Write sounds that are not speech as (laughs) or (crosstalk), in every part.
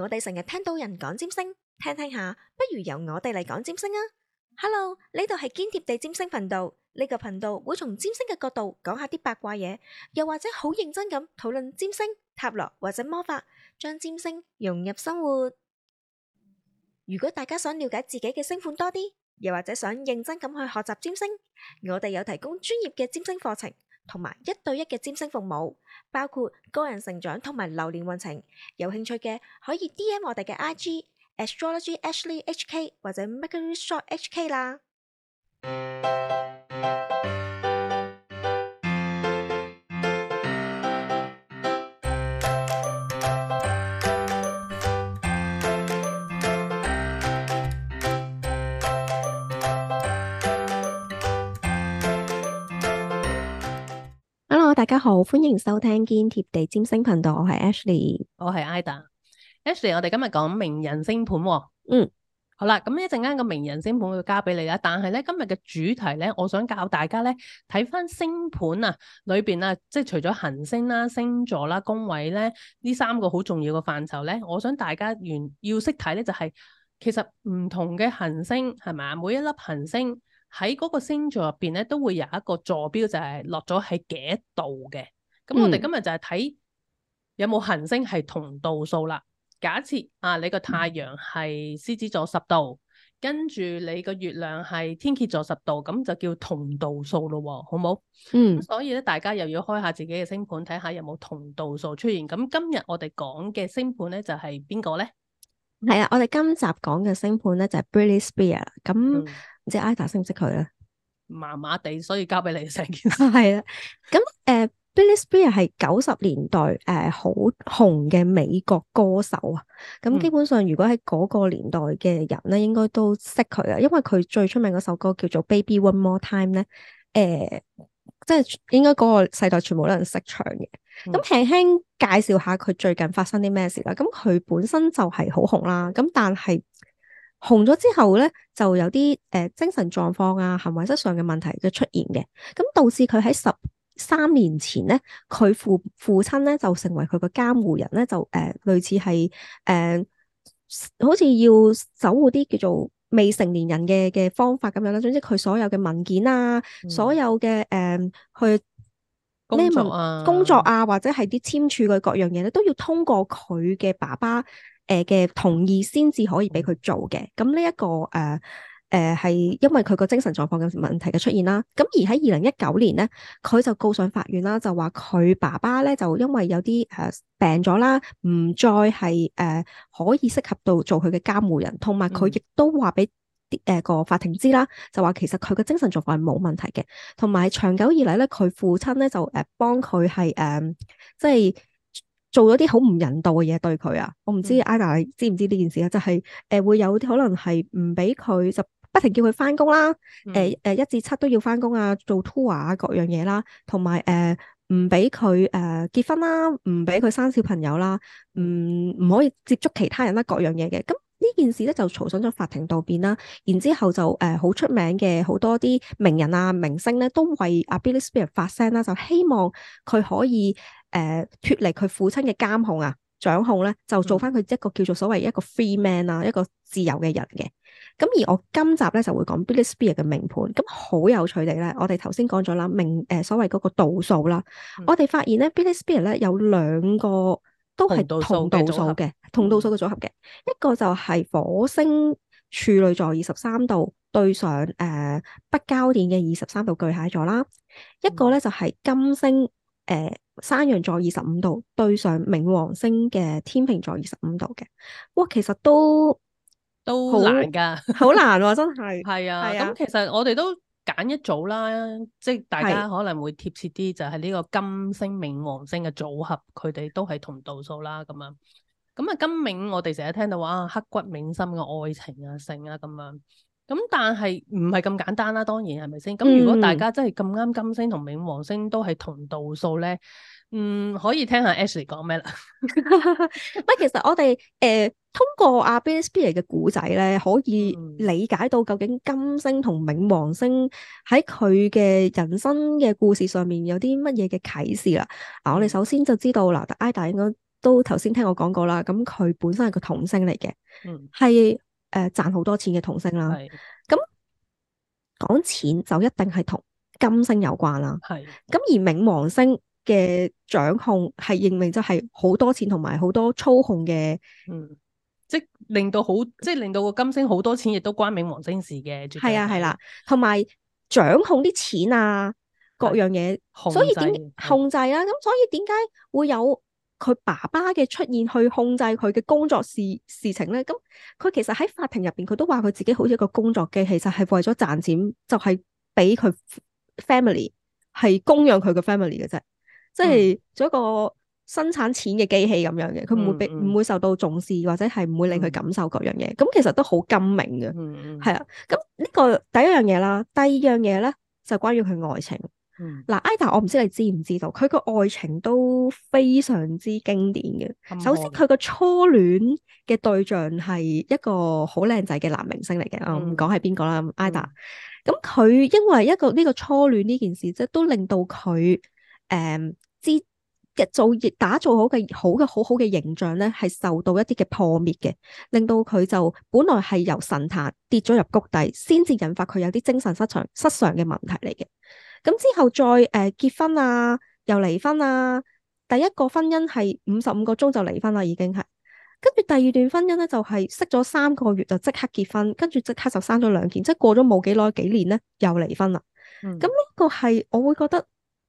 我哋成日聽到人講占星，聽聽下，不如由我哋嚟講占星啊！Hello，呢度係堅貼地占星頻道，呢個頻道會從占星嘅角度講下啲八卦嘢，又或者好認真咁討論占星、塔羅或者魔法，將占星融入生活。如果大家想了解自己嘅星盤多啲，又或者想認真咁去學習占星，我哋有提供專業嘅占星課程。同埋一對一嘅占星服務，包括個人成長同埋流年運程。有興趣嘅可以 DM 我哋嘅 IG Astrology Ashley HK 或者 Mercury Shop HK 啦。大家好，歡迎收聽堅貼地占星頻道，我係 Ashley，我係 Ida。Ashley，我哋今日講名人星盤，哦，嗯，好啦，咁一陣間個名人星盤會交俾你啦。但係咧今日嘅主題咧，我想教大家咧睇翻星盤啊裏邊啊，即係除咗行星啦、啊、星座啦、啊、宮位咧呢三個好重要嘅範疇咧，我想大家原要識睇咧就係、是，其實唔同嘅行星係咪，每一粒行星。喺嗰個星座入邊咧，都會有一個坐標就，就係落咗喺幾度嘅。咁我哋今日就係睇有冇行星係同度數啦。假設啊，你個太陽係獅子座十度，跟住、嗯、你個月亮係天蠍座十度，咁就叫同度數咯、哦，好冇？嗯，所以咧，大家又要開下自己嘅星盤，睇下有冇同度數出現。咁今日我哋講嘅星盤咧，就係邊個咧？係啊，我哋今集講嘅星盤咧，就係、是、Britney Spears 啦。咁、嗯唔知 Ida 識唔識佢咧？麻麻地，所以交俾你成件啦。 (laughs) 係啦，咁、呃、誒，Britney Spears 係九十年代誒好、呃、紅嘅美國歌手啊。咁基本上，如果喺嗰個年代嘅人咧，應該都識佢啊。因為佢最出名嗰首歌叫做《Baby One More Time》、呃咧。誒，即係應該嗰個世代全部都人識唱嘅。咁輕輕介紹下佢最近發生啲咩事啦。咁佢本身就係好紅啦。咁但係。紅咗之後咧，就有啲誒、呃、精神狀況啊、行為失常嘅問題就出現嘅，咁導致佢喺十三年前咧，佢父父親咧就成為佢嘅監護人咧，就誒、呃、類似係誒、呃，好似要守護啲叫做未成年人嘅嘅方法咁樣啦。總之佢所有嘅文件啊，嗯、所有嘅誒、呃、去咩文工、啊、工作啊，或者係啲簽署嘅各樣嘢咧，都要通過佢嘅爸爸。誒嘅、呃、同意先至可以俾佢做嘅，咁呢一個誒誒係因為佢個精神狀況有問題嘅出現啦。咁而喺二零一九年咧，佢就告上法院啦，就話佢爸爸咧就因為有啲誒、呃、病咗啦，唔再係誒、呃、可以適合到做佢嘅監護人，同埋佢亦都話俾啲誒個法庭知啦，就話其實佢嘅精神狀況係冇問題嘅，同埋長久以嚟咧，佢父親咧就誒幫佢係誒即係。做咗啲好唔人道嘅嘢對佢啊！我唔知 Ida 知唔知呢件事啊？就係誒會有啲可能係唔俾佢就不停叫佢返工啦，誒誒一至七都要返工啊，做 tour 啊各樣嘢啦，同埋誒唔俾佢誒結婚啦，唔俾佢生小朋友啦，唔唔可以接觸其他人啦，各樣嘢嘅。咁呢件事咧就吵上咗法庭度辯啦，然之後就誒好出名嘅好多啲名人啊明星咧都為阿 Britney Spears 發聲啦，就希望佢可以。誒脫、呃、離佢父親嘅監控啊，掌控咧、啊、就做翻佢一個叫做所謂一個 free man 啦、啊，一個自由嘅人嘅。咁而我今集咧就會講 Britney Spears 嘅命盤咁、嗯、好有趣地咧，我哋頭先講咗啦命誒所謂嗰個度數啦，嗯、我哋發現咧、嗯、Britney Spears 咧有兩個都係同度數嘅同度數嘅組合嘅，一個就係火星處女座二十三度對上誒、呃、北交點嘅二十三度巨蟹座啦，一個咧就係金星誒。呃呃山羊座二十五度對上冥王星嘅天秤座二十五度嘅。哇，其實都都好難噶，好難啊，真係係 (laughs) 啊。咁、啊、其實我哋都揀一組啦，即係大家可能會貼切啲就係呢個金星冥王星嘅組合，佢哋都係同度數啦，咁啊，咁啊金冥，我哋成日聽到話啊，刻骨銘心嘅愛情啊，性啊，咁啊。咁但係唔係咁簡單啦、啊，當然係咪先？咁、嗯、如果大家真係咁啱金星同冥王星都係同度數咧，嗯，可以聽下 Ashley 講咩啦？唔係，其實我哋誒、呃、通過阿 BSP 嘅古仔咧，可以理解到究竟金星同冥王星喺佢嘅人生嘅故事上面有啲乜嘢嘅啟示啦。啊，我哋首先就知道嗱，ida、呃、ida 應該都頭先聽我講過啦。咁佢本身係個童星嚟嘅，嗯，係。誒賺好多錢嘅童星啦，咁講是的 錢就一定係同金星有關啦。係咁是的 而冥王星嘅掌控係認命，就係好多錢同埋好多操控嘅，嗯，即令到好，即係令到個金星好多錢，亦都關冥王星事嘅。係啊，係啦的，同埋、嗯、掌控啲錢啊，各樣嘢，所以點控制啦、啊？咁、嗯、所以點解會有？佢爸爸嘅出現去控制佢嘅工作事事情咧，咁佢其實喺法庭入邊，佢都話佢自己好似一個工作機器，其實係為咗賺錢，就係俾佢 family 係供養佢嘅 family 嘅啫，即係做一個生產錢嘅機器咁樣嘅，佢唔會俾唔會受到重視，或者係唔會令佢感受嗰樣嘢，咁其實都好陰明嘅，係、嗯嗯、啊。咁呢個第一樣嘢啦，第二樣嘢咧就關於佢愛情。嗱，Ida，、嗯、 (music) 我唔知你知唔知道，佢個愛情都非常之經典嘅。嗯、首先，佢個初戀嘅對象係一個好靚仔嘅男明星嚟嘅，嗯、我唔講係邊個啦。Ida，咁佢因為一個呢、這個初戀呢件事，即係都令到佢誒之嘅做亦打造好嘅好嘅好，好好嘅形象咧，係受到一啲嘅破滅嘅，令到佢就本來係由神壇跌咗入谷底，先至引發佢有啲精神失常失常嘅問題嚟嘅。咁之後再誒、呃、結婚啊，又離婚啊。第一個婚姻係五十五個鐘就離婚啦，已經係。跟住第二段婚姻咧，就係識咗三個月就即刻結婚，跟住即刻就生咗兩件。即係過咗冇幾耐幾年咧，又離婚啦。咁呢、嗯、個係我會覺得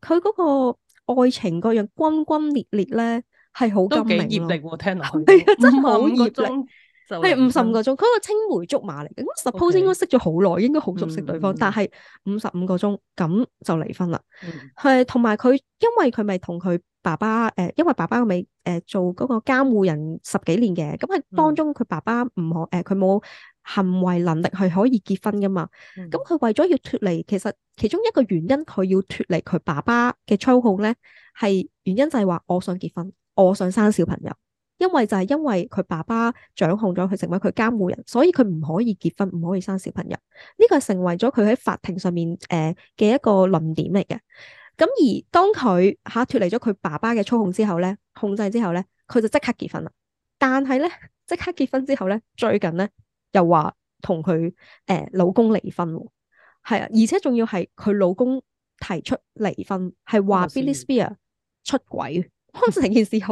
佢嗰個愛情嗰樣轟轟烈烈咧，係好都幾熱烈，聽落去 (laughs) 真係好熱烈。 (laughs) 係五十五個鐘，佢個青梅竹馬嚟嘅，咁十鋪應該識咗好耐，應該好熟悉對方。嗯嗯、但係五十五個鐘咁就離婚啦。係同埋佢，因為佢咪同佢爸爸誒、呃，因為爸爸咪誒、呃、做嗰個監護人十幾年嘅，咁喺當中佢爸爸唔可誒，佢冇、嗯呃、行為能力係可以結婚噶嘛。咁佢、嗯、為咗要脫離，其實其中一個原因佢要脫離佢爸爸嘅操控咧，係原因就係話我想結婚，我想生小朋友。因為就係因為佢爸爸掌控咗佢，成為佢監護人，所以佢唔可以結婚，唔可以生小朋友。呢個成為咗佢喺法庭上面誒嘅一個論點嚟嘅。咁而當佢吓脫離咗佢爸爸嘅操控之後咧，控制之後咧，佢就即刻結婚啦。但係咧，即刻結婚之後咧，最近咧又話同佢誒老公離婚，係啊，而且仲要係佢老公提出離婚，係話 Britney Spears 出軌，可能成件事去。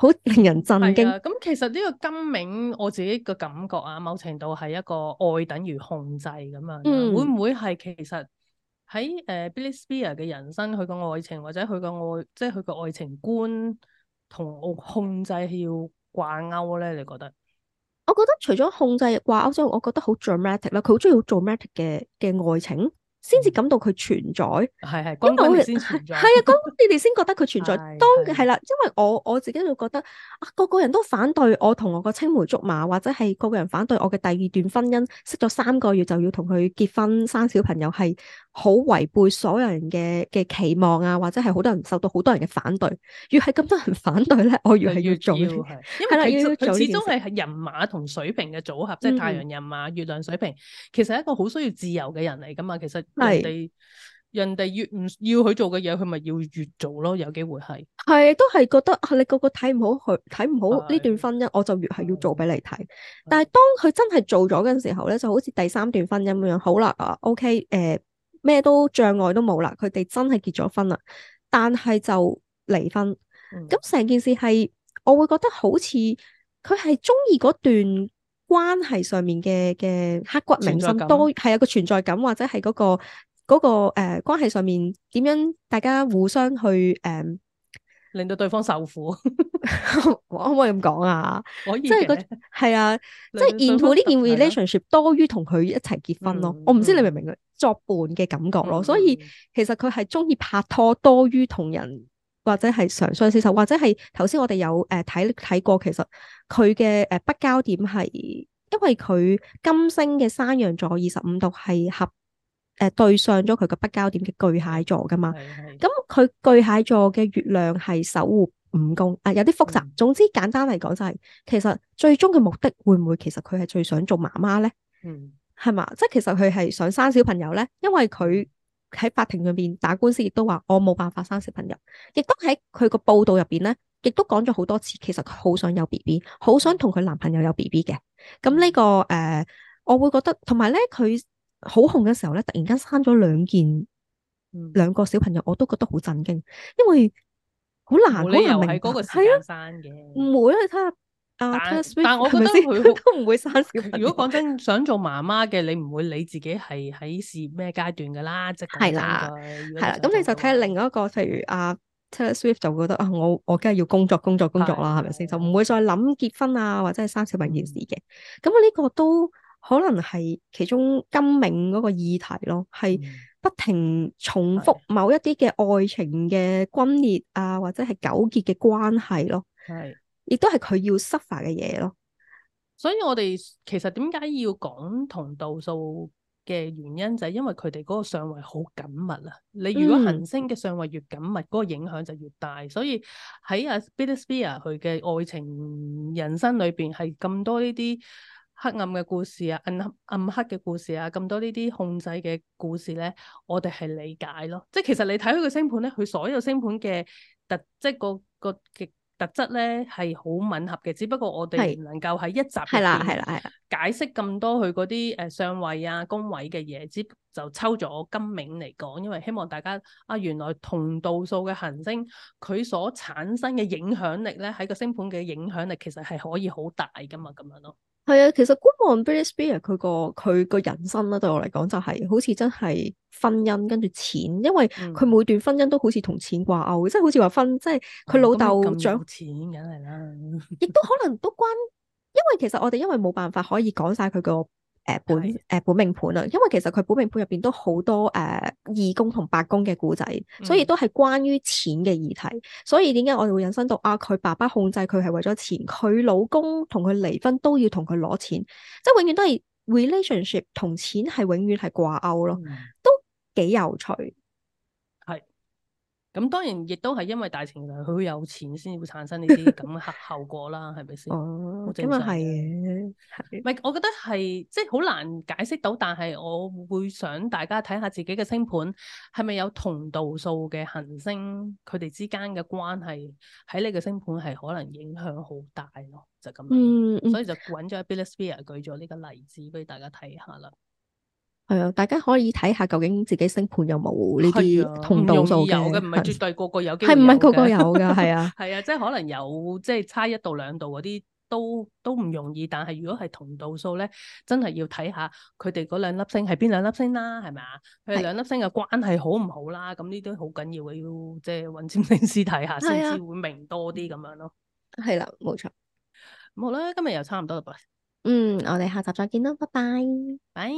好令人震驚！咁、啊、其實呢個金冥我自己個感覺啊，某程度係一個愛等於控制咁樣，嗯、會唔會係其實喺誒 Britney Spears 嘅人生，佢個愛情或者佢個愛，即係佢個愛情觀同控制係要掛鈎咧？你覺得？我覺得除咗控制掛鈎之外，我覺得好 dramatic 啦，佢好中意好 dramatic 嘅嘅愛情。先至感到佢存在，係係的光先存在，係啊的，光 (laughs) 你哋先覺得佢存在。當係啦，的的因為我我自己就覺得啊，個個人都反對我同我個青梅竹馬，或者係個個人反對我嘅第二段婚姻，識咗三個月就要同佢結婚生小朋友，係好違背所有人嘅嘅期望啊，或者係好多人受到好多人嘅反對。越係咁多人反對咧，我越係要做，係啦，的始終係係人馬同水平嘅組合，即係太陽人馬、月亮水平，嗯、其實係一個好需要自由嘅人嚟噶嘛，其實。係人哋，是人哋越唔要佢做嘅嘢，佢咪要越做咯。有機會係係都係覺得、啊、你個個睇唔好佢，睇唔好呢段婚姻，我就越係要做俾你睇。但係當佢真係做咗嘅時候咧，就好似第三段婚姻咁樣。好啦，啊，OK，誒、呃，咩都障礙都冇啦，佢哋真係結咗婚啦，但係就離婚。咁成、嗯、件事係我會覺得好似佢係中意嗰段。關係上面嘅嘅刻骨銘心，多係有個存在感，或者係嗰個嗰個誒、呃、關係上面點樣大家互相去誒、呃、令到對方受苦 (laughs) 可唔可以咁講啊？即係個係啊，即係 into 呢件 relationship (laughs) 多於同佢一齊結婚咯。嗯、我唔知你明唔明作伴嘅感覺咯。嗯、所以其實佢係中意拍拖多於同人。或者係常相廝守，或者係頭先我哋有誒睇睇過，其實佢嘅誒北交點係，因為佢金星嘅山羊座二十五度係合誒、呃、對上咗佢嘅北交點嘅巨蟹座噶嘛。咁佢、嗯嗯、巨蟹座嘅月亮係守護五宮，啊、呃、有啲複雜。總之簡單嚟講就係、是，其實最終嘅目的會唔會其實佢係最想做媽媽咧？嗯，係嘛？即係其實佢係想生小朋友咧，因為佢。喺法庭上邊打官司亦都話我冇辦法生小朋友，亦都喺佢個報道入邊咧，亦都講咗好多次，其實佢好想有 BB，好想同佢男朋友有 BB 嘅。咁呢、這個誒、呃，我會覺得同埋咧，佢好紅嘅時候咧，突然間生咗兩件兩、嗯、個小朋友，我都覺得好震驚，因為好難明、啊會。你又喺嗰個時間生嘅，唔會啦，睇下。但係，我覺得佢都唔會生小。如果講真，想做媽媽嘅，你唔會理自己係喺事業咩階段噶啦。即係啦，係啦。咁你就睇下另一個，譬如阿 Taylor Swift 就覺得啊，我我梗係，要工作，工作，工作啦，係咪先？就唔會再諗結婚啊，或者係生小朋友件事嘅。咁呢個都可能係其中金銘嗰個議題咯，係不停重複某一啲嘅愛情嘅分裂啊，或者係糾結嘅關係咯。係。亦都係佢要 suffer 嘅嘢咯，所以我哋其實點解要講同度數嘅原因就係因為佢哋嗰個相位好緊密啦、啊。你如果行星嘅相位越緊密，嗰、嗯、個影響就越大。所以喺阿 Britney Spears 佢嘅愛情人生裏邊係咁多呢啲黑暗嘅故事啊、暗暗黑嘅故事啊、咁多呢啲控制嘅故事咧，我哋係理解咯。即係其實你睇佢個星盤咧，佢所有星盤嘅特，即係個個極。特質咧係好吻合嘅，只不過我哋唔能夠喺一集入邊解釋咁多佢嗰啲誒相位啊宮位嘅嘢，只就抽咗金冥嚟講，因為希望大家啊原來同度數嘅行星，佢所產生嘅影響力咧喺個星盤嘅影響力其實係可以好大噶嘛，咁樣咯。係啊，其實觀望 Britney Spears 佢個佢個人生啦，對我嚟講就係、是、好似真係婚姻跟住錢，因為佢每段婚姻都好似同錢掛鈎，嗯、即係好似話分，即係佢老豆長、嗯、錢梗係啦，亦 (laughs) 都可能都關，因為其實我哋因為冇辦法可以講晒佢個。誒本誒、呃、本命盤啊，因為其實佢本命盤入邊都好多誒二宮同八宮嘅故仔，所以都係關於錢嘅議題。嗯、所以點解我哋會引申到啊，佢爸爸控制佢係為咗錢，佢老公同佢離婚都要同佢攞錢，即係永遠都係 relationship 同錢係永遠係掛鈎咯，都幾有趣。咁當然亦都係因為大情佢好有錢，先會產生呢啲咁嘅效果啦，係咪先？哦，咁啊係唔係我覺得係即係好難解釋到，但係我會想大家睇下自己嘅星盤係咪有同度數嘅行星，佢哋之間嘅關係喺你嘅星盤係可能影響好大咯，就咁、嗯。嗯，所以就揾咗《Britney Spears》舉咗呢個例子俾大家睇下啦。係啊，大家可以睇下究竟自己星盤有冇呢啲同度數嘅，係唔係絕對是個個有，有？係唔係個個有嘅？係啊，係 (laughs) 啊，即係可能有，即係差一度兩度嗰啲都都唔容易。但係如果係同度數咧，真係要睇下佢哋嗰兩粒星係邊兩粒星啦，係咪啊？佢兩粒星嘅關係好唔好啦？咁呢啲好緊要嘅，要即係揾占星師睇下先至、啊、會明多啲咁樣咯。係啦、啊，冇錯。好啦，今日又差唔多啦，嗯，我哋下集再見咯，拜拜，拜。